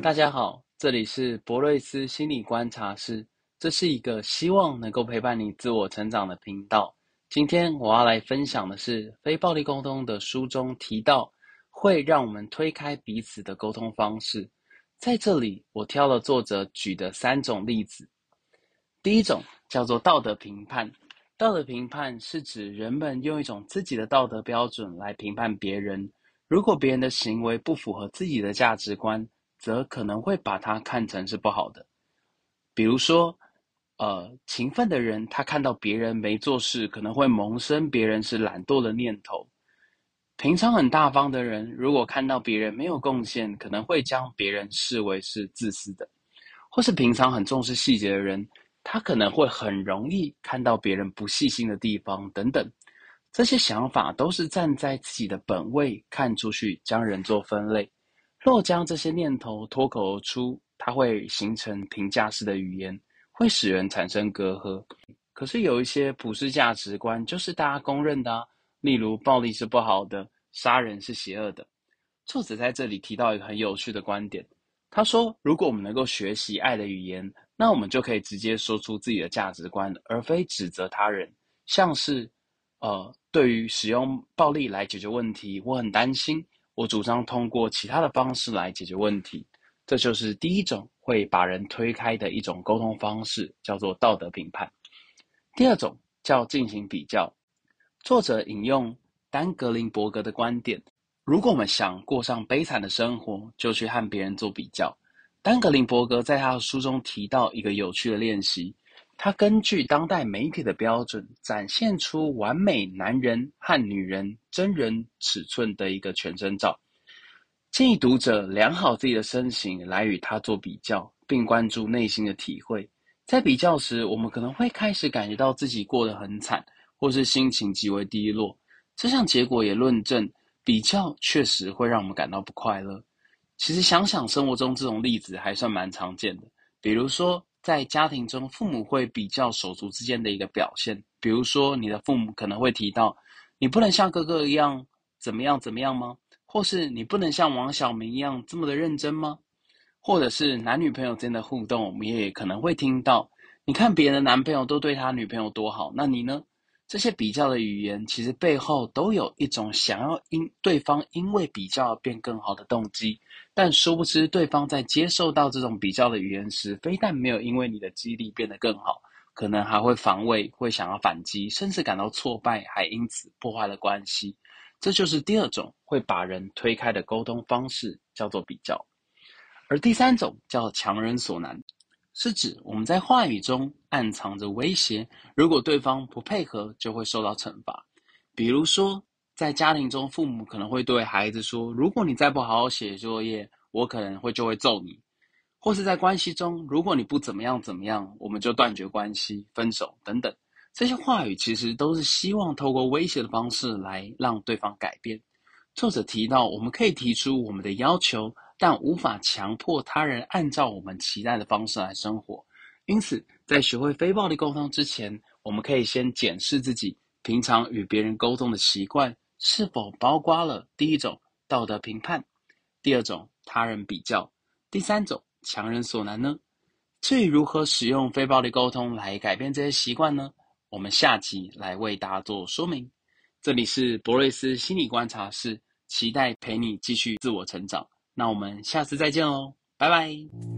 大家好，這裡是柏瑞斯心理觀察室，這是一個希望能夠陪伴你自我成長的頻道。今天我要來分享的是《非暴力溝通》的書中提到會讓我們推開彼此的溝通方式。在這裡，我挑了作者舉的三種例子。第一種叫做道德評判，道德評判是指人們用一種自己的道德標準來評判別人。如果別人的行為不符合自己的價值觀，則可能會把它看成是不好的，比如說，呃，勤奮的人他看到別人沒做事，可能會萌生別人是懶惰的念頭；平常很大方的人，如果看到別人沒有貢獻，可能會將別人視為是自私的；或是平常很重視細節的人，他可能會很容易看到別人不細心的地方等等。這些想法都是站在自己的本位看出去，將人做分類。若將這些念頭脫口而出，它會形成評價式的語言，會使人產生隔閡。可是有一些普世價值觀就是大家公認的啊，例如暴力是不好的，殺人是邪惡的。作者在這裡提到一個很有趣的觀點，他說：如果我們能夠學習愛的語言，那我們就可以直接說出自己的價值觀，而非指責他人。像是，呃，對於使用暴力來解決問題，我很擔心。我主張通過其他的方式來解決問題，這就是第一種會把人推開的一種溝通方式，叫做道德評判。第二種叫進行比較。作者引用丹格林伯格的觀點，如果我們想過上悲慘的生活，就去和別人做比較。丹格林伯格在他的書中提到一個有趣的練習。他根據當代媒體的標準，展現出完美男人和女人真人尺寸的一個全身照，建議讀者量好自己的身形來與他做比較，並關注內心的體會。在比較時，我們可能會開始感覺到自己過得很慘，或是心情極為低落。這項結果也論證，比較確實會讓我們感到不快樂。其實想想，生活中這種例子還算蠻常見的，比如說。在家庭中，父母會比較手足之間的一個表現。比如說，你的父母可能會提到，你不能像哥哥一樣怎麼樣怎麼樣嗎？或是你不能像王小明一樣這麼的認真嗎？或者是男女朋友之間的互動，我們也可能會聽到，你看別人的男朋友都對他女朋友多好，那你呢？這些比較的語言，其實背後都有一種想要因對方因為比較而變更好的動機，但殊不知對方在接受到這種比較的語言時，非但沒有因為你的激勵變得更好，可能還會防衛，會想要反擊，甚至感到挫敗，還因此破壞了關係。這就是第二種會把人推開的溝通方式，叫做比較。而第三種叫強人所難，是指我們在話語中，暗藏着威脅，如果對方不配合，就會受到懲罰。比如說，在家庭中，父母可能會對孩子說：“如果你再不好好寫作業，我可能會就會揍你。”或是在關係中，如果你不怎麼樣怎麼樣，我們就斷絕關係、分手等等。這些話語其實都是希望透過威脅的方式來讓對方改變。作者提到，我們可以提出我們的要求，但無法強迫他人按照我們期待的方式來生活。因此，在學會非暴力溝通之前，我們可以先檢視自己平常與別人溝通的習慣，是否包括了第一種道德評判，第二種他人比較，第三種強人所難呢？至於如何使用非暴力溝通來改變這些習慣呢？我們下集來為大家做說明。這裡是柏瑞斯心理觀察室，期待陪你繼續自我成長。那我們下次再見嘍，拜拜。